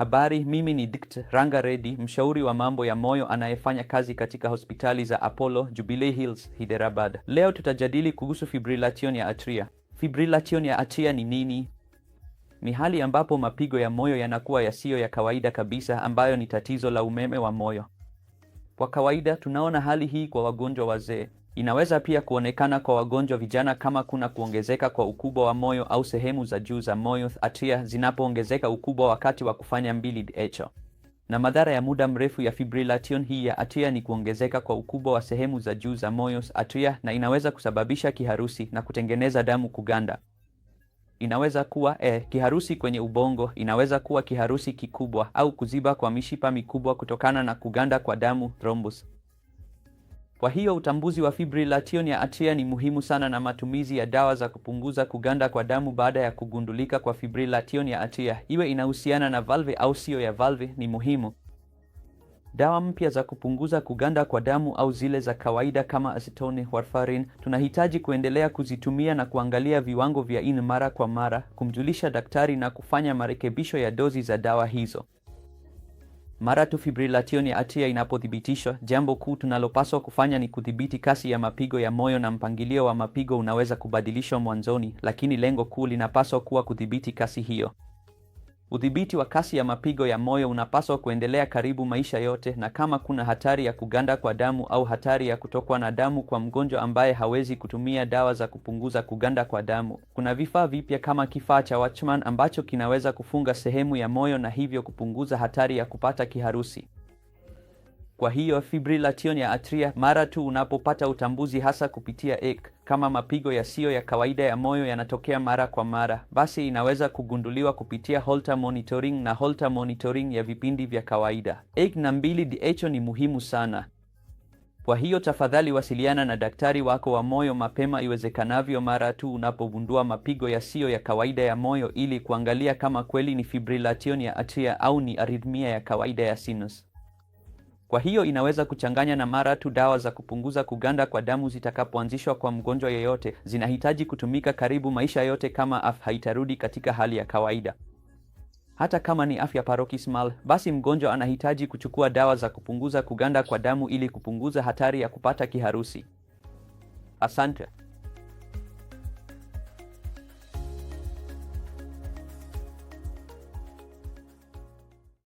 Habari, mimi ni Dkt. Ranga Reddy, mshauri wa mambo ya moyo anayefanya kazi katika hospitali za Apollo, Jubilee Hills, Hyderabad. Leo tutajadili kuhusu fibrillation ya atria. Fibrillation ya atria ni nini? Ni hali ambapo mapigo ya moyo yanakuwa yasiyo ya kawaida kabisa, ambayo ni tatizo la umeme wa moyo. Kwa kawaida tunaona hali hii kwa wagonjwa wazee. Inaweza pia kuonekana kwa wagonjwa vijana kama kuna kuongezeka kwa ukubwa wa moyo au sehemu za juu za moyo atria zinapoongezeka ukubwa wakati wa kufanya mbili echo. Na madhara ya muda mrefu ya fibrillation hii ya atria ni kuongezeka kwa ukubwa wa sehemu za juu za moyo atria, na inaweza kusababisha kiharusi na kutengeneza damu kuganda. Inaweza kuwa eh, kiharusi kwenye ubongo, inaweza kuwa kiharusi kikubwa au kuziba kwa mishipa mikubwa kutokana na kuganda kwa damu thrombus. Kwa hiyo utambuzi wa fibrilation ya atria ni muhimu sana na matumizi ya dawa za kupunguza kuganda kwa damu baada ya kugundulika kwa fibrilation ya atria, iwe inahusiana na valve au siyo ya valve, ni muhimu. Dawa mpya za kupunguza kuganda kwa damu au zile za kawaida kama acetone, warfarin, tunahitaji kuendelea kuzitumia na kuangalia viwango vya ini mara kwa mara, kumjulisha daktari na kufanya marekebisho ya dozi za dawa hizo. Mara tu fibrilation ya atria inapothibitishwa, jambo kuu tunalopaswa kufanya ni kudhibiti kasi ya mapigo ya moyo, na mpangilio wa mapigo unaweza kubadilishwa mwanzoni, lakini lengo kuu linapaswa kuwa kudhibiti kasi hiyo. Udhibiti wa kasi ya mapigo ya moyo unapaswa kuendelea karibu maisha yote, na kama kuna hatari ya kuganda kwa damu au hatari ya kutokwa na damu kwa mgonjwa ambaye hawezi kutumia dawa za kupunguza kuganda kwa damu, kuna vifaa vipya kama kifaa cha Watchman ambacho kinaweza kufunga sehemu ya moyo na hivyo kupunguza hatari ya kupata kiharusi. Kwa hiyo fibrilation ya atria mara tu unapopata utambuzi, hasa kupitia ek, kama mapigo yasiyo ya kawaida ya moyo yanatokea mara kwa mara, basi inaweza kugunduliwa kupitia Holter monitoring na Holter monitoring ya vipindi vya kawaida. Ek na 2DH ni muhimu sana. Kwa hiyo tafadhali wasiliana na daktari wako wa moyo mapema iwezekanavyo mara tu unapogundua mapigo yasiyo ya kawaida ya moyo ili kuangalia kama kweli ni fibrilation ya atria au ni arrhythmia ya kawaida ya sinus. Kwa hiyo inaweza kuchanganya na mara tu dawa za kupunguza kuganda kwa damu zitakapoanzishwa kwa mgonjwa yeyote, zinahitaji kutumika karibu maisha yote kama af haitarudi katika hali ya kawaida. Hata kama ni afya parokismal, basi mgonjwa anahitaji kuchukua dawa za kupunguza kuganda kwa damu ili kupunguza hatari ya kupata kiharusi. Asante.